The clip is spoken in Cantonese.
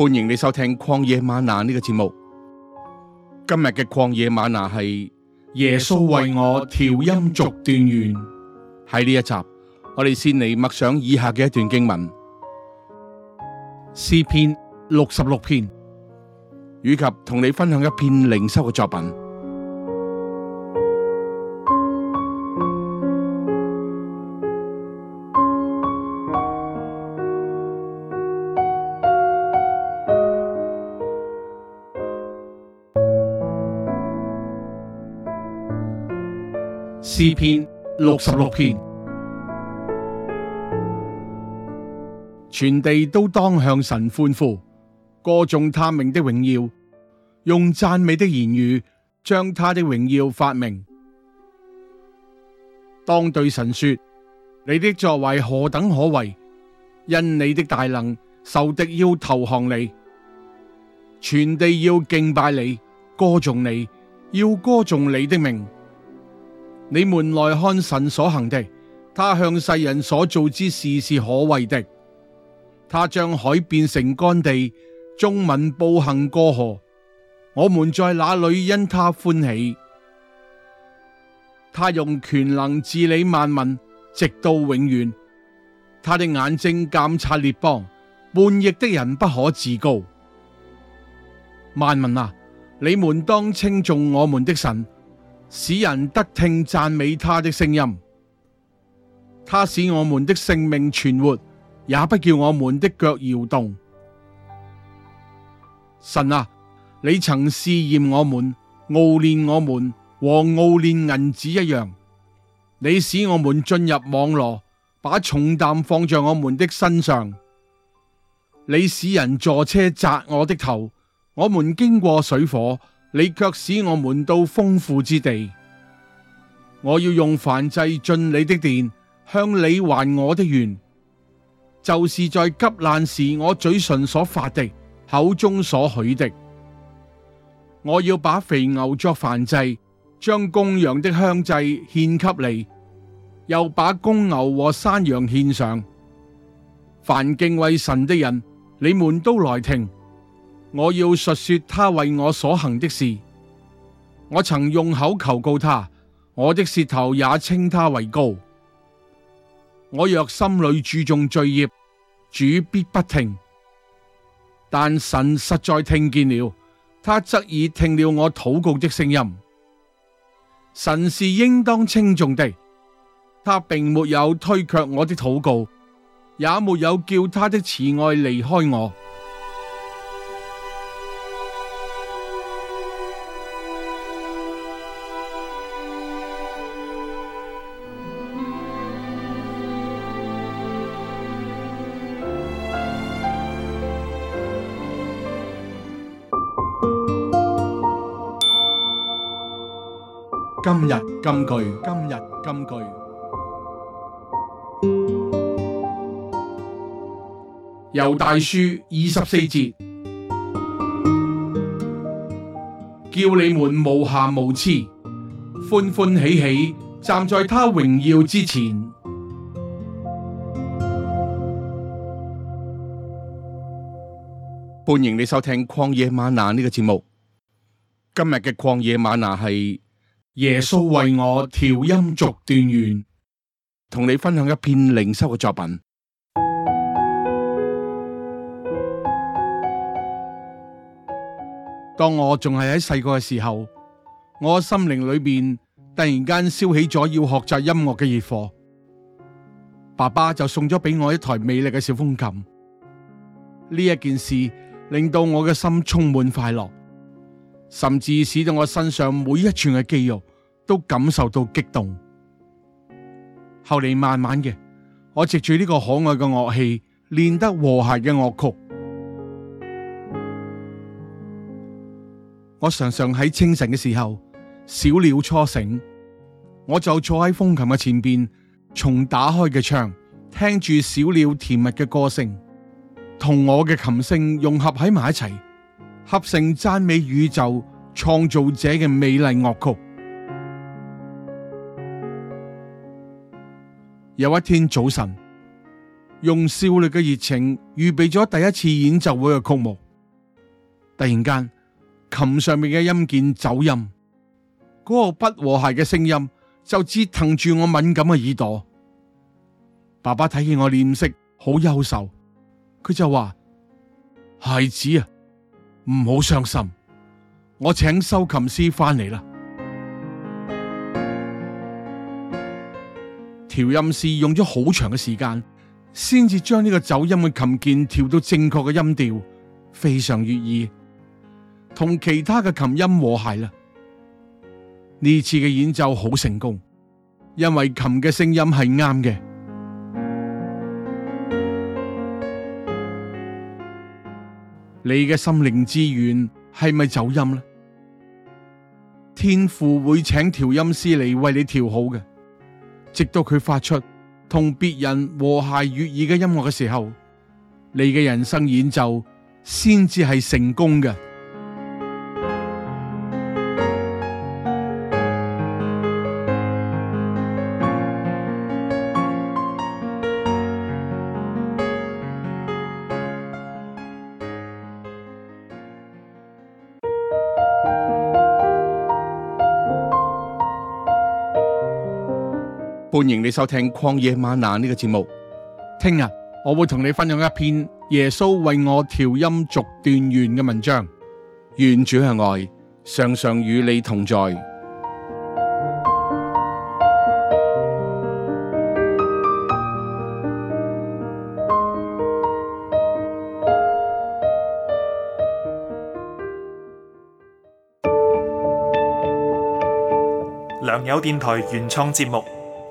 歡迎你收聽曠野嗎哪呢個節目。今日嘅曠野嗎哪係耶穌為我調音續斷絃。喺呢一集，我哋先嚟默想以下嘅一段經文，詩篇六十六篇，以及同你分享一篇靈修嘅作品。詩篇六十六篇，全地都當向神歡呼，歌頌他名的榮耀，用讚美的言語將他的榮耀發明。當對神說：你的作為何等可畏！因你的大能，仇敵要投降你，全地要敬拜你，歌頌你要歌頌你的名。你們來看神所行的，他向世人所做之事是可畏的。他將海變成乾地，眾民步行過河。我們在那裏因他歡喜。他用權能治理萬民，直到永遠。他的眼睛監察列邦，叛逆的人不可自高。萬民啊，你們當稱頌我們的神。使人得聽讚美他的聲音，他使我們的性命存活，也不叫我們的腳搖動。神啊，你曾試驗我們，熬煉我們，和熬煉銀子一樣。你使我們進入網羅，把重擔放在我們的身上。你使人坐車砸我的頭，我們經過水火。你卻使我們到豐富之地，我要用燔祭進你的殿，向你還我的願，就是在急難時我嘴唇所發的，口中所許的。我要把肥牛作燔祭，將公羊的香祭獻給你；又把公牛和山羊獻上。凡敬畏神的人，你們都來聽。我要述說他為我所行的事，我曾用口求告他，我的舌頭也稱他為高。我若心裏注重罪孽，主必不聽；但神實在聽見了，他側耳聽了我禱告的聲音。神是應當稱頌的，他並沒有推卻我的禱告，也沒有叫他的慈愛離開我。今日金句，今日金句，猶大書二十四節，叫你們無瑕無疵，歡歡喜喜站在他榮耀之前。歡迎你收聽曠野嗎哪呢個節目。今日嘅曠野嗎哪係。耶穌為我調音，續斷絃，同你分享一篇靈修嘅作品。當我仲係喺細個嘅時候，我心靈裏面突然間燒起咗要學習音樂嘅熱火，爸爸就送咗俾我一台美麗嘅小風琴。呢一件事令到我嘅心充滿快樂。甚至使到我身上每一寸嘅肌肉都感受到激動。後嚟慢慢嘅，我藉住呢個可愛嘅樂器練得和諧嘅樂曲。我常常喺清晨嘅時候，小鳥初醒，我就坐喺風琴嘅前邊，從打開嘅窗聽住小鳥甜蜜嘅歌聲，同我嘅琴聲融合喺埋一齊，合成讚美宇宙創造者嘅美麗樂曲。 有一天早晨，用少女嘅熱情預備咗第一次演奏會嘅曲目，突然間琴上面嘅音鍵走音，嗰個不和諧嘅聲音就折騰住我敏感嘅耳朵。爸爸睇見我臉色好憂愁，佢就話：孩子啊！ 唔好傷心，我請修琴師翻嚟啦。調音師用咗好長嘅時間，先至將呢個走音嘅琴鍵調到正確嘅音調，非常悅耳，同其他嘅琴音和諧啦。呢次嘅演奏好成功，因為琴嘅聲音係啱嘅。你嘅心靈之弦係咪走音呢？天父會請調音師嚟，為你調好嘅，直到佢發出同別人和諧悅耳嘅音樂嘅時候，你嘅人生演奏先至係成功嘅。歡迎你收聽曠野嗎哪呢個節目。聽日我會同你分享一篇耶穌為我調音續斷絃嘅文章。願主嘅愛，常常與你同在。良友電台原創節目。